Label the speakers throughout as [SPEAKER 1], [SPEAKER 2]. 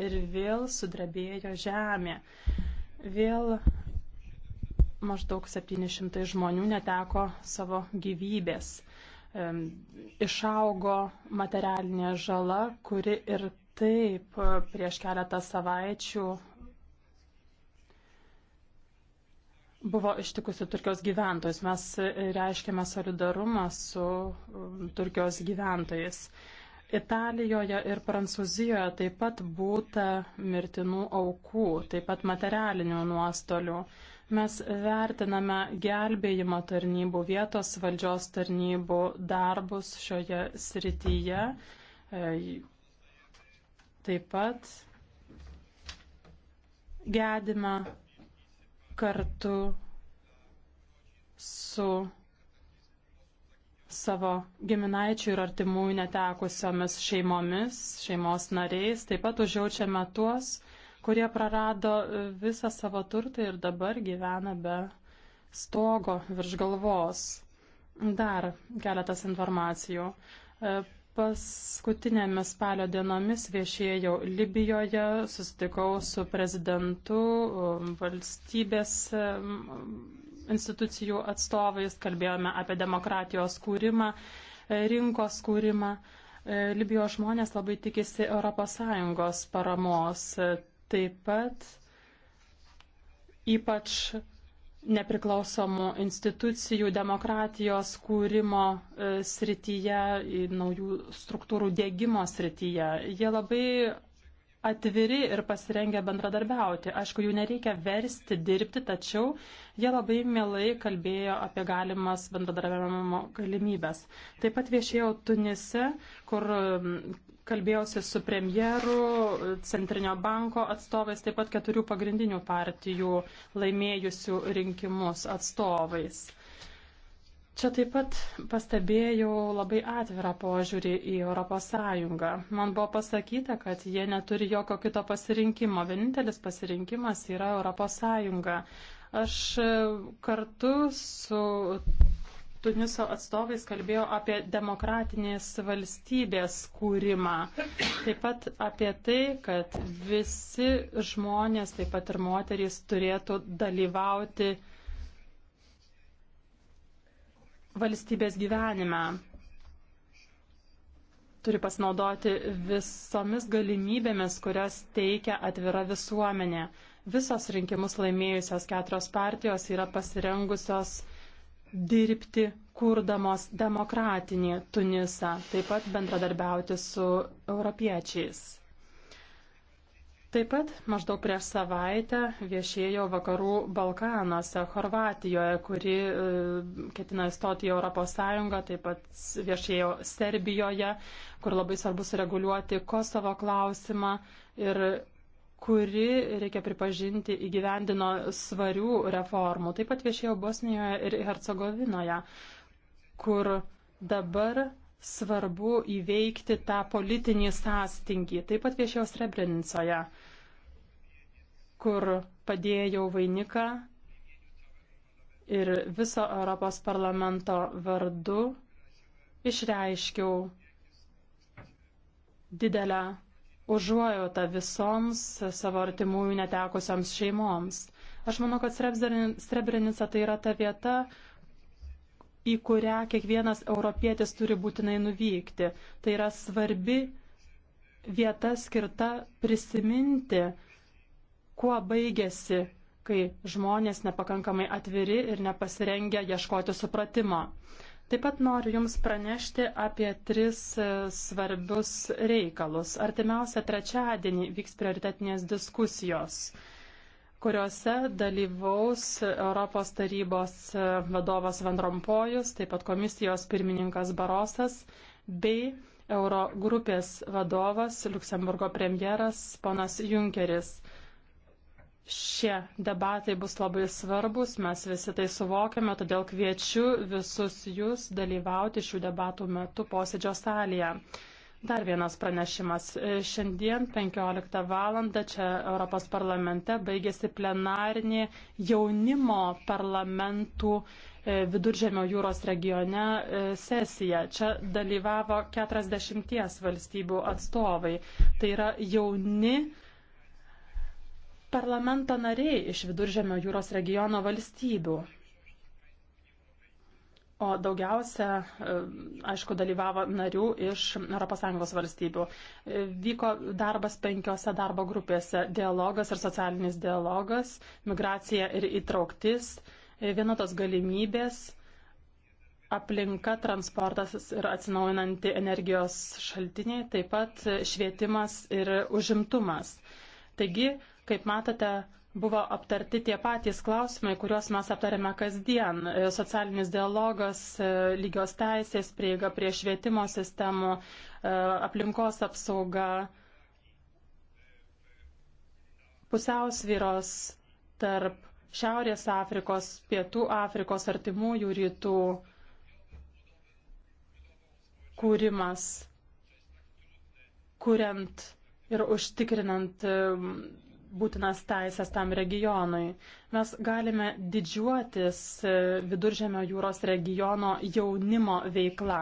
[SPEAKER 1] ir vėl sudrebėjo žemė. Vėl maždaug 700 žmonių neteko savo gyvybės. Išaugo materialinė žala, kuri ir taip e, prieš keletą savaičių buvo ištikusi Turkijos gyventojus. Mes reiškiame solidarumą su e, Turkijos gyventojais. Italijoje ir Prancūzijoje taip pat būta mirtinų aukų, taip pat materialinių nuostolių. Mes vertiname gelbėjimo tarnybų, vietos valdžios tarnybų darbus šioje srityje. Taip pat gedime kartu su savo giminaičių ir artimųjų netekusiomis šeimomis, šeimos nariais. Taip pat užjaučiame tuos, kurie prarado visą savo turtą ir dabar gyvena be stogo virš galvos. Dar keletas informacijų. E, paskutinėmis spalio dienomis viešėjau Libijoje, susitikau su prezidentu valstybės institucijų atstovais, kalbėjome apie demokratijos kūrimą, e, rinkos kūrimą. E, Libijos žmonės labai tikisi ES paramos. E, Taip pat ypač nepriklausomų institucijų demokratijos kūrimo srityje, naujų struktūrų dėgymo srityje. Jie labai atviri ir pasirengę bendradarbiauti. Aišku, jų nereikia versti dirbti, tačiau jie labai mielai kalbėjo apie galimas bendradarbiavimo galimybės. Taip pat viešėjau Tunise, kur um, kalbėjausi su premjeru, Centrinio banko atstovais, taip pat keturių pagrindinių partijų laimėjusių rinkimus atstovais. Čia taip pat pastebėjau labai atvirą požiūrį į ES. Man buvo pasakyta, kad jie neturi jokio kito pasirinkimo. Vienintelis pasirinkimas yra ES. Aš e, kartu su Tuniso atstovais kalbėjau apie demokratinės valstybės kūrimą. Taip pat apie tai, kad visi žmonės, taip pat ir moterys, turėtų dalyvauti valstybės gyvenime. Turi pasinaudoti visomis galimybėmis, kurias teikia atvira visuomenė. Visos rinkimus laimėjusios keturios partijos yra pasirengusios dirbti, kurdamos demokratinį Tunisą, taip pat bendradarbiauti su europiečiais. Taip pat maždaug prieš savaitę viešėjo vakarų Balkanuose, Horvatijoje, kuri e, ketina įstoti į ES, taip pat viešėjo Serbijoje, kur labai svarbu sureguliuoti Kosovo klausimą ir kuri, reikia pripažinti, įgyvendino svarių reformų. Taip pat viešėjo Bosnijoje ir Hercegovinoje, kur dabar svarbu įveikti tą politinį sąstingį. Taip pat viešėjau Srebrenicoje, kur padėjau vainiką ir viso Europos parlamento vardu išreiškiau didelę užuojautą visoms savo artimųjų netekusioms šeimoms. Aš manau, kad Srebrenica tai yra ta vieta, į kurią kiekvienas europietis turi būtinai nuvykti. Tai yra svarbi vieta skirta prisiminti, kuo baigėsi, kai žmonės nepakankamai atviri ir nepasirengia ieškoti supratimo. Taip pat noriu Jums pranešti apie tris e, svarbius reikalus. Artimiausia trečiadienį vyks prioritetinės diskusijos kuriuose dalyvaus Europos tarybos vadovas Vandrompojus, taip pat komisijos pirmininkas Barosas bei Eurogrupės vadovas Luksemburgo premjeras ponas Junkeris. Šie debatai bus labai svarbus, mes visi tai suvokiame, todėl kviečiu visus jūs dalyvauti šių debatų metu posėdžio salėje. Dar vienas pranešimas. Šiandien 15 val. čia Europos parlamente baigėsi plenarinė jaunimo parlamentų e, viduržėmio jūros regione e, sesija. Čia dalyvavo 40 valstybių atstovai. Tai yra jauni parlamento nariai iš viduržėmio jūros regiono valstybių. O daugiausia, e, aišku, dalyvavo narių iš ES valstybių. E, vyko darbas penkiose darbo grupėse - dialogas ir socialinis dialogas, migracija ir įtrauktis, e, vienotos galimybės, aplinka, transportas ir atsinaujinanti energijos šaltiniai, taip pat švietimas ir užimtumas. Taigi, kaip matote, buvo aptarti tie patys klausimai, kuriuos mes aptarėme kasdien. Socialinis dialogas, e, lygios teisės, prieiga prie švietimo sistemų, e, aplinkos apsauga, pusiausvyros tarp Šiaurės Afrikos, Pietų Afrikos, Artimųjų rytų kūrimas, kuriant ir užtikrinant e, būtinas teisės tam regionui. Mes galime didžiuotis e, viduržėmio jūros regiono jaunimo veikla.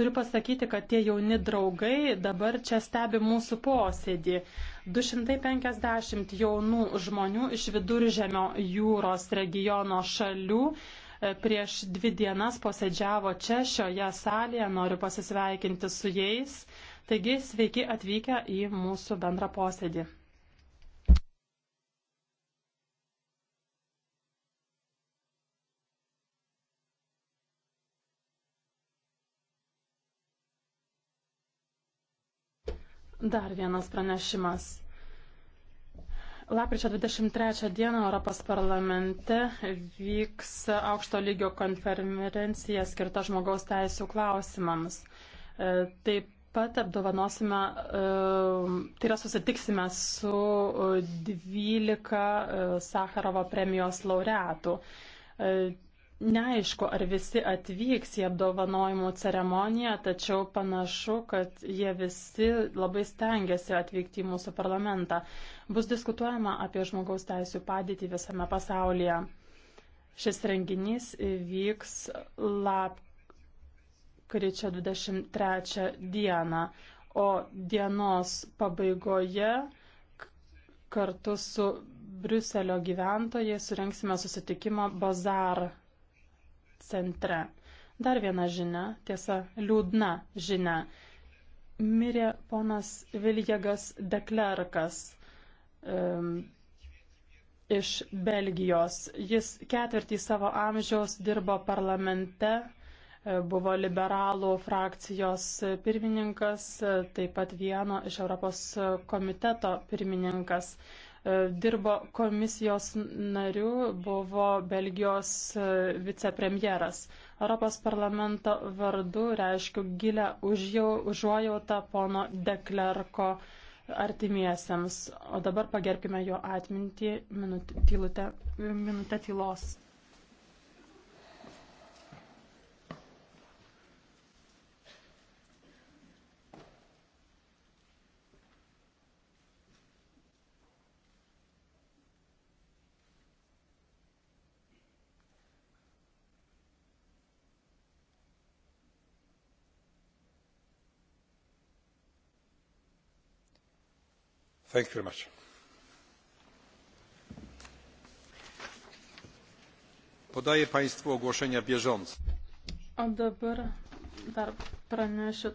[SPEAKER 1] Turiu pasakyti, kad tie jauni draugai dabar čia stebi mūsų posėdį. 250 jaunų žmonių iš viduržėmio jūros regiono šalių e, prieš dvi dienas posėdžiavo čia šioje salėje, noriu pasisveikinti su jais. Taigi sveiki atvykę į mūsų bendrą posėdį. Dar vienas pranešimas. Lapkričio 23 dieną Europos parlamente vyks aukšto lygio konferencija skirta žmogaus teisų klausimams. E, taip pat apdovanosime, e, tai yra susitiksime su 12 e, Sakarovo premijos laureatų. Neaišku, ar visi atvyks į apdovanojimų ceremoniją, tačiau panašu, kad jie visi labai stengiasi atvykti į mūsų parlamentą. Bus diskutuojama apie žmogaus teisų padėtį visame pasaulyje. Šis renginys vyks lapkričio 23 dieną, o dienos pabaigoje kartu su Briuselio gyventojai surinksime susitikimą Bazar centre. Dar viena žinia, tiesa, liūdna žinia. Mirė ponas Viljegas Deklerkas um, iš Belgijos. Jis ketvirtį savo amžiaus dirbo parlamente, e, buvo liberalų frakcijos pirmininkas, e, taip pat vieno iš Europos komiteto pirmininkas. E, dirbo komisijos nariu, buvo Belgijos e, vicepremjeras. Europos parlamento vardu reiškiu gilę užuojautą pono Deklerko artimiesiems. O dabar pagerbkime jo atmintį minutę, tylutę, minutę tylos. Thank you very much. Podaję Państwu ogłoszenia bieżące. O dabar dar pranešiu